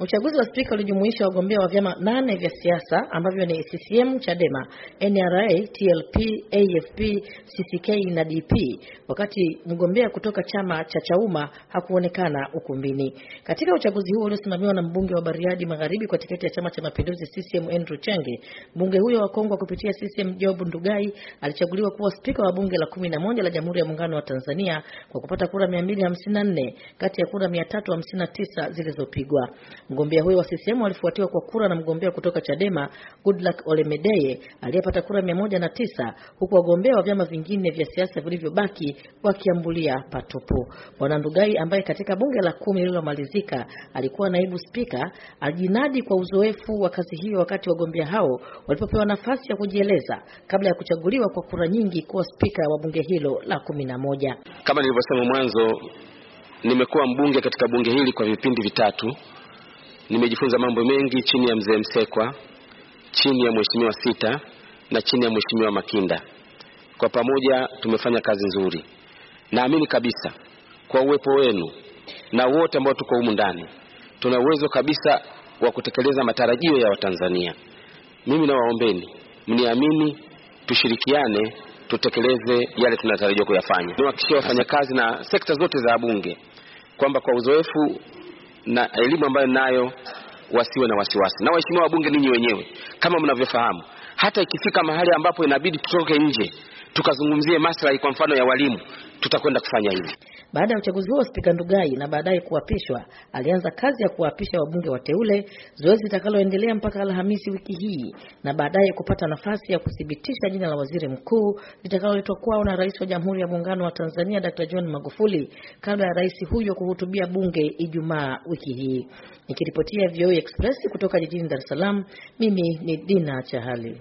Uchaguzi wa spika ulijumuisha wagombea wa vyama nane vya siasa ambavyo ni CCM, Chadema, NRA, TLP, AFP, CCK na DP, wakati mgombea kutoka chama cha Chauma hakuonekana ukumbini. Katika uchaguzi huo uliosimamiwa na mbunge wa Bariadi Magharibi kwa tiketi ya Chama cha Mapinduzi CCM Andrew Chenge, mbunge huyo wa Kongwa kupitia CCM Job Ndugai alichaguliwa kuwa spika wa bunge la 11 la Jamhuri ya Muungano wa Tanzania kwa kupata kura 254 kati ya kura 359 zilizopigwa. Mgombea huyo wa CCM alifuatiwa kwa kura na mgombea kutoka Chadema Goodluck Olemedeye aliyepata kura tisa huku wagombea wa vyama vingine vya siasa vilivyobaki wakiambulia patupu. Bwana Ndugai ambaye katika bunge la kumi lililomalizika alikuwa naibu spika alijinadi kwa uzoefu wa kazi hiyo wakati wagombea hao walipopewa nafasi ya kujieleza kabla ya kuchaguliwa kwa kura nyingi kuwa spika wa bunge hilo la kumi na moja. Kama nilivyosema mwanzo, nimekuwa mbunge katika bunge hili kwa vipindi vitatu. Nimejifunza mambo mengi chini ya mzee Msekwa, chini ya mheshimiwa Sita na chini ya mheshimiwa Makinda. Kwa pamoja tumefanya kazi nzuri. Naamini kabisa kwa uwepo wenu na wote ambao tuko humu ndani, tuna uwezo kabisa wa kutekeleza matarajio ya Watanzania. Mimi nawaombeni mniamini, tushirikiane tutekeleze yale tunatarajiwa kuyafanya. Niwahakikishie wafanyakazi na sekta zote za Bunge kwamba kwa uzoefu na elimu ambayo nayo wasiwe na wasiwasi. Na waheshimiwa wabunge, ninyi wenyewe kama mnavyofahamu, hata ikifika mahali ambapo inabidi tutoke nje tukazungumzie maslahi, kwa mfano ya walimu, tutakwenda kufanya hivi. Baada ya uchaguzi huo, Spika Ndugai na baadaye kuapishwa, alianza kazi ya kuwaapisha wabunge wateule, zoezi litakaloendelea mpaka Alhamisi wiki hii, na baadaye kupata nafasi ya kuthibitisha jina la waziri mkuu litakaloletwa kwao na Rais wa Jamhuri ya Muungano wa Tanzania Dr. John Magufuli, kabla ya rais huyo kuhutubia bunge Ijumaa wiki hii. Nikiripotia VOA e Express kutoka jijini Dar es Salaam, mimi ni Dina Chahali.